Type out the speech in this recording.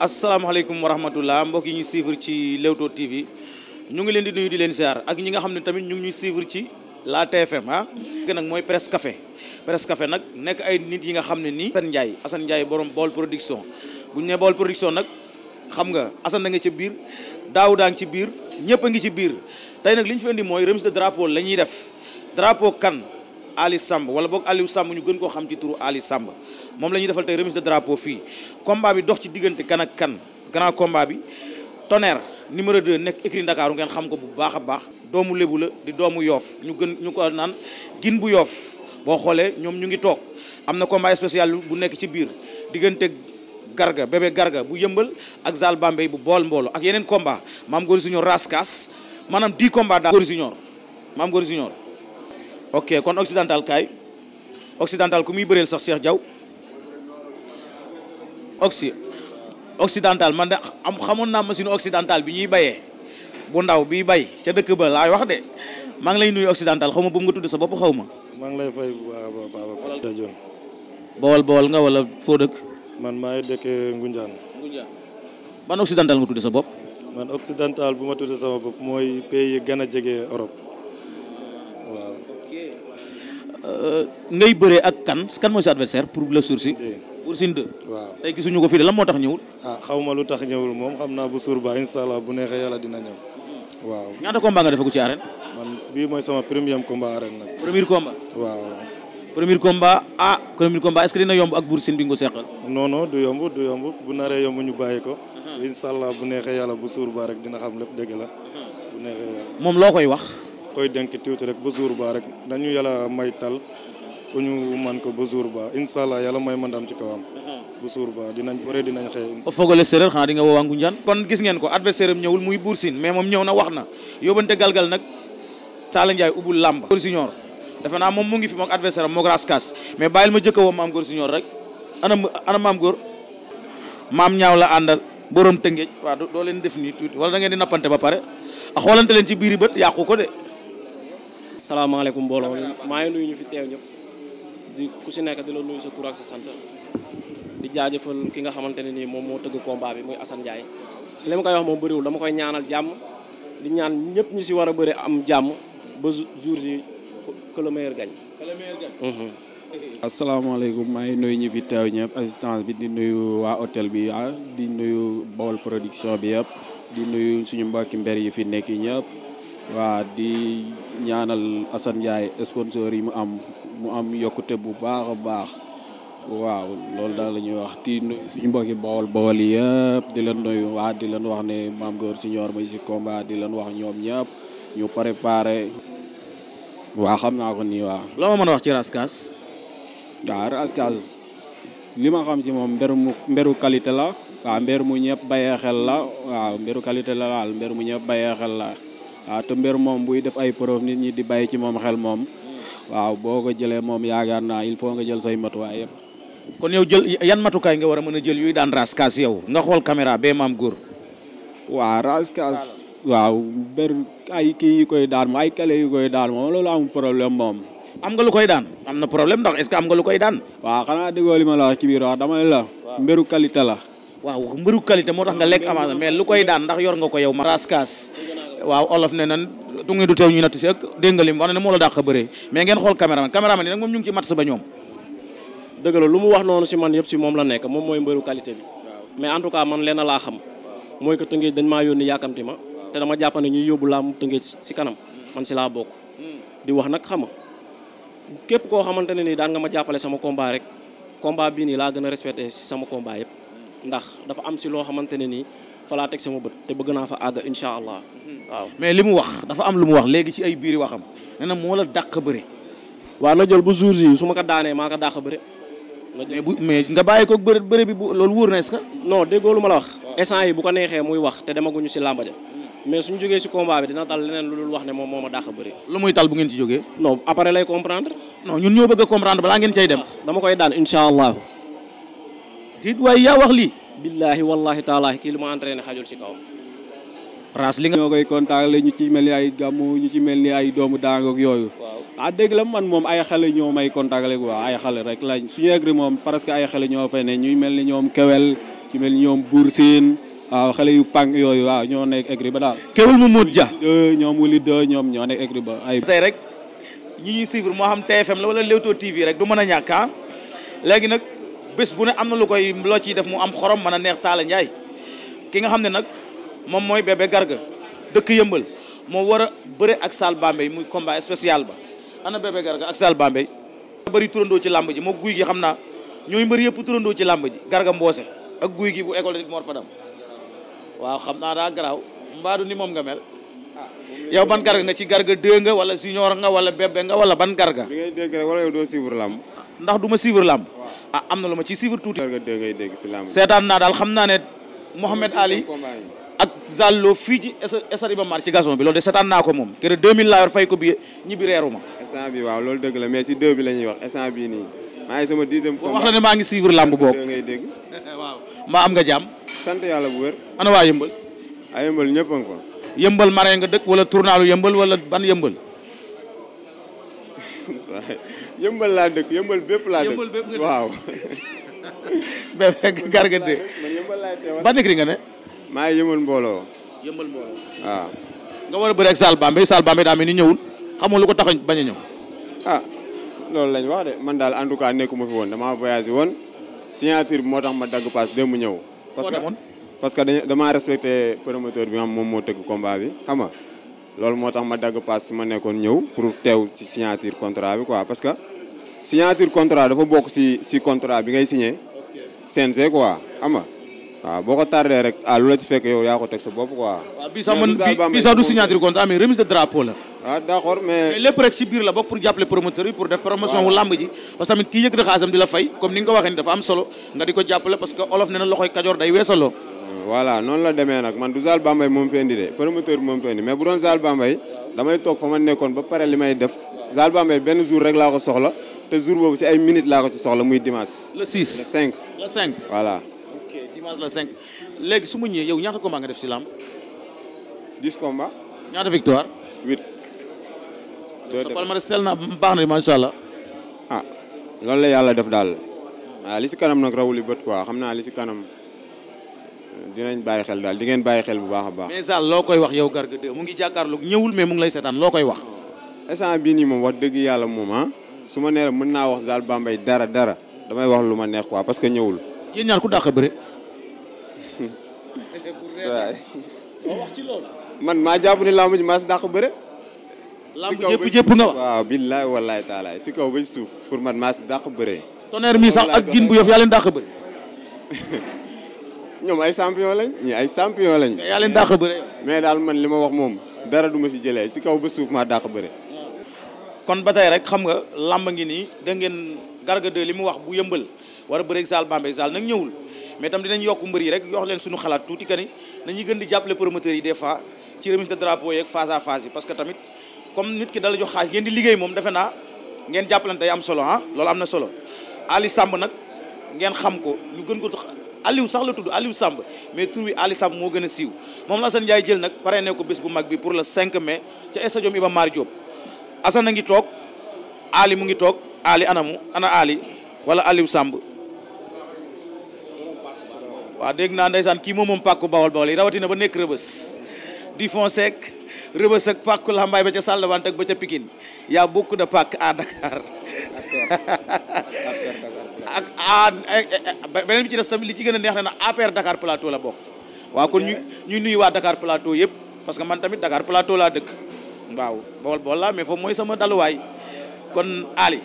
asalaamaaleykum wa rahmatullah mbokk yi ñu suivre ci Leewtoo TV ñu ngi leen di nuyu di leen ziar ak ñi nga xam ne tamit ñu ngi ñuy suivre ci la TFM ah. nag mooy presse café presse café nag nekk ay nit yi nga xam ne nii. Assane Ndiaye assan Ndiaye borom bool production bu ñu nee bool production nag xam nga assan da nga ci biir daaw daa ngi ci biir ñëpp a ngi ci biir tey nag li ñu fi mooy remise de drapeau la ñuy def drapeau kan. Ali Samb wala boog Aliou Samb ñu gën koo xam ci turu Ali Samb moom la ñuy defal tey remise de drapeau fii combat bi dox ci diggante kan ak kan grand combat bi tonnerre numéro 2 nekk écrit Ndakaaru ngeen xam ko bu baax a baax doomu lébu la di doomu yoof ñu gën ñu ko naan gin bu yoof boo xoolee ñoom ñu ngi toog am na combat spécial bu nekk ci biir diggante garga bébé garga bu yëmbal ak zal bambey bu bool mboolo ak yeneen combat maam góor si ñor maanaam 10 combat daal si ñor maam góor ok kon Occidental kaay Occidental ku muy bëreel sax Cheikh Diaw oxy Occidental man de am xamoon naa machine Occidental bi ñuy bayee bu ndaw bi bay ca dëkk ba laay wax de maa ngi lay nuyu Occidental xaw ma bu mu nga tudd sa bopp xaw ma. maa ngi lay fay nga dëkk. man maa ngi dëkk tudd sa bopp. bu ma tudd sama bopp mooy pays yi a jege Europe. Euh, ngay bëree ak kan kan mooy sa adversaire pour le sursis. pour Sine 2. waaw tey gisuñu ko fii la moo tax ñëwul. ah xaw lu tax ñëwul moom xam naa bu suur ba incha bu neexee yàlla dina ñëw. waaw ñaata combat nga defagu ci arène. man bii mooy sama premier combat arène nag. premier combat. waaw. premier combat ah ak Bour Sine bi nga ko seqal. non non du bu naree yomb ñu ko. Uh-huh. incha allah bu neexee yàlla bu suur ba rek dina xam lépp dëgg la. Uh-huh. bu neexee moom loo koy wax. koy denk tuuti rek ba jour ba rek dañu yàlla may tal bu ñu man ko ba jour ba incha allah yàlla may ma ci kawam. bu ba dinañ bëre dinañ fogole séeréer xanaa di nga woo kon gis ko adversaire am ñëwul muy Bour Sine moom ñëw na wax na galgal nag Talla Ndiaye ubbul làmb. Góor Siñoor defe moom mu ngi fi moog adversaire am moog raskas mais bàyyil ma jëkk woo maam Góor Siñoor rek ana maam Góor maam ñaaw la borom tëngeej waaw doo leen def nii a salaamaaleykum mbooloo maa ngi nuyu ñu fi teew ñëpp ku si nekk di la nuyu sa tur ak sant di jaajëfal ki nga xamante ne nii moom moo tëgg combat bi muy Assane Ndiaye li ma koy wax moom bëriwul dama koy ñaanal jàmm di ñaan ñëpp ñu si war a bëri am jàmm ba jour yi que le meilleur gagne. que le mhm. maa ngi nuyu ñu fi teew ñëpp assistance bi di nuyu waa hôtel bi ah di nuyu Baol production bi yëpp di nuyu suñu mbokki mbër yi fi nekk ñëpp. waa di ñaanal Assane Ndiaye yi mu am mu am yokkute bu baax a baax waaw loolu daal la ñuy wax di suñu mbokki bawol bawol yëpp di leen nuyu waa di leen wax ne maam góor siñoor may si combat di leen wax ñoom ñëpp ñu préparé waa xam naa ko nii waa loo ma mën wax ci raskas waaw raskas li xam si moom mberu mu qualité la waaw mberu mu ñëpp bayee la waaw mberu qualité la daal mberu mu ñëpp bayee la waaw te mbir moom buy def ay preuve nit ñi di bàyyi ci moom xel moom waaw boo ko jëlee moom yaakaar naa il faut nga jël say matuwaay yëpp. kon yow jël yan matukaay nga war a mën a jël yuy daan raas yow nga xool caméra bee maam góor. waaw raas kaas waaw mbir ay kii yu koy daan moom ay kale yu koy daan moom loolu am problème moom. am nga lu koy daan am na problème ndax est am nga lu koy daan. waaw xanaa déggoo li ma la wax ci biir dama ne la. mbiru qualité la. waaw mbiru qualité moo tax nga lekk amaana mais lu koy daan ndax yor nga ko yow ma. waaw olof ne nan du ngi du teew ñuy natt si ak dégg nga lim wax na ne moo la dàq bëree mais ngeen xool caméraman caméraman yi nag moom ñu ngi ci match ba ñoom dëgg la lu mu wax noonu si man yëpp si moom la nekk moom mooy mbëru qualité bi mais en tout cas man lenn laa xam mooy que tëngéej dañ maa yónni yaakamti ma te dama jàpp ne ñuy yóbbu laamu tëngéej si kanam man si laa bokk di wax nag xam nga képp koo xamante ne nii daan nga ma jàppale sama combat rek combat bii nii laa gën a respecté si sama combat yëpp ndax dafa am si loo xamante ne nii fa laa teg sama bët te bëgg naa fa àgg incha allah waaw mais li mu wax dafa am lu mu wax léegi ci ay biir waxam nee na moo la dàq bëre. waaw na jël bu jour yi su ma ko daanee maa ko dàq bëre. mais bu mais nga bàyyi ko bëre bëre bi bu loolu wóor na est lu ma la bu ko neexee muy wax te demaguñu ci làmba ja mais suñu jógee ci combat bi dina tal leneen lu dul wax ne moom moo ma dàq bëri. lu muy tal bu ngeen ci jógee. non après lay comprendre. non ñun ñoo bëgg a comprendre balaa ngeen cay dem. Ah, dama koy daan incha allahu. diit waaye yaa wax lii. billaahi wallaahi taalaahi kii lu ma entraîné xajul ci kawam. raas li nga ñoo koy ñu ci mel ni ay gàmmu ñu ci mel ni ay doomu daangoog yooyu ah la man moom ay xale ñoo may contacter quoi ay xale rek lañ suñu egri moom parce ay xale ñoo fay ñuy mel ni ñoom kewel ci ñoom buur waaw xale yu pànk yooyu waaw ñoo nekk egri ba daal kewel mu mut ja ñoom wuli de ñoom ñoo egri ba ay tey rek ñi ñuy suivre moo xam TFM la wala Leewtoo TV rek du mën a ñàkk ah. nag bés bu ne am na lu koy loo ciy def mu am xorom mën a neex Talla Ndiaye ki xam ne nag moom mooy bébé garga dëkk yëmbal moo war a bëre ak Saal Bambey muy combat spécial ba ana bébé garga ak Saal Bambey bëri turandoo ci làmb ji moo guy gi xam naa ñooy mbër yëpp turandoo ci làmb ji garga mboose ak guy gi bu école rit mor fadam waaw xam naa daa garaaw mbaadu ni moom nga mel yow ban garga nga ci garga deux nga wala junior nga wala bébé nga wala ban garga li ngay dégg rek ndax du ma suivre làmb a ah, am na lu ma ci suivre tuuti. garga deux ngay dégg seetaan naa daal xam naa ne Mouhamed Ali ak Zallo fii ci stade Iba Mar ci gazon bi loolu de seetaan naa ko moom keroog 2000 laa yor fay ko bi ñibbi reeru ma. instant bi waaw loolu dëgg la mais si deux bi la ñuy wax instant bi nii maa ngi sama dixième combat wax la ne maa ngi suivre làmb boobu ngay dégg am nga jàmm sant yàlla bu wér ana waa yëmbal waa yëmbal ñëpp a yëmbal marain nga dëkk wala tournalu yëmbal wala ban yëmbal yëmbal laa dëkk yëmbal bépp laa dëkk waaw bé nga ne maa ngi yëmbal mbooloo. yëmbal mbooloo waaw. Ah. nga war a bëre ak Sall Bambey Sall Bambey daa mel ni ñëwul xamul lu ko tax bañ a ñëw. ah loolu lañ wax de man daal en tout cas nekkuma fi woon dama voyagé woon signature bi moo tax ma dagg paas mu ñëw. parce que parce que damaa respecté promoteur bi nga xam moom moo tëgg combat bi xam loolu moo tax ma dagg paas si ma nekkoon ñëw pour teew ci signature contrat bi quoi parce que signature contrat dafa bokk si si contrat bi ngay signé. CNG quoi xam nga waaw boo ko tardé rek ah lu la ci fekk yow yaa ko teg sa bopp waaw bii sax man bii sax du signature contrat ah, mais remise de drapeau la. ah d' accord mais. mais rek ci biir la bokk pour jàppale promoteur yi pour def promotion wu làmb ji parce que tamit kii yëkkati xaalisam di la fay comme ni nga waxee ni dafa am solo nga di ko jàppale parce que olof nee na loxoy kajoor day weesaloo. voilà noonu la demee nag man du Zal Bambay moom fi de promoteur moom fi mais bu doon Zal laa ko soxla te jour boobu si ay minutes laa ko ci soxla muy dimanche la 5 léegi su ma ñëwee yow ñaata combat nga def si làmb. dis combats. ñaata victoire. 8. sa palmarès tel na mbaax na macha allah. ah loolu la yàlla def daal waaw ah, li si kanam nag rawuli bët quoi xam naa li si kanam euh, dinañ bàyyi xel daal di ngeen bàyyi xel bu baax a baax. mais Zal loo koy wax yow Garga 2 mu ngi jàkkaarloog ñëwul mais mu ngi lay seetaan loo koy wax. instant bii nii moom wax dëgg yàlla moom ah su ma nee mën naa wax Zal Bambey dara dara damay wax lu ma neex parce que ñëwul. man maa jàpp ne làmb ji maa si dàq bëre. làmb jëpp jëpp nga wax waaw billaahi wallaahi taalaay ci kaw ba suuf pour man maa si dàq bëre. tonnerre mi sax ak gin bu yof yaa leen dàq bëre. ñoom ay champion lañ ñii ay sampion lañ. yaa leen dàq bëre. mais daal man li ma wax moom dara duma ma si jëlee ci kaw ba suuf maa dàq bëre. kon ba tey rek xam nga làmb ngi nii da ngeen li mu wax bu yëmbal war a bëre ak Zal nag ñëwul. mais tam dinañ yokk mbër yi rek yox leen suñu xalaat tuuti que ni gën di jàppale promoteurs yi des fois ci remise de drapeau yeeg phase à yi parce que tamit comme nit ki dala jox xaalis ngeen di liggéey moom defe naa ngeen jàppalante day am solo ah loolu am na solo Ali Samb nag ngeen xam ko ñu gën ko Aliou sax la tudd Aliou Samb mais tur bi Ali Samb moo gën a siiw moom la Assane Ndiaye jël nag pare ne ko bés bu mag bi pour le 5 mai ca stadium Iba Mar Diop Assane a ngi toog Ali mu ngi toog Ali anamu ana Ali wala Aliou Samb waa dégg naa ndeysaan kii moom moom pàkku bawol bawol yi rawatina ba nekk rëbës di fonseek rëbës ak pàkku lambaay ba ca sàllwante ak ba ca Pikine yaa beaucoup de pàkk à Dakar eh, eh, eh, beneen bi ci des tamit li ci gën a neex ne na APR Dakar Plateau la bokk waaw kon ñu ñuy nuyu waa Dakar Plateau yëpp parce que man tamit Dakar Plateau laa dëkk waaw bawol bawol laa mais foofu mooy sama daluwaay kon Ali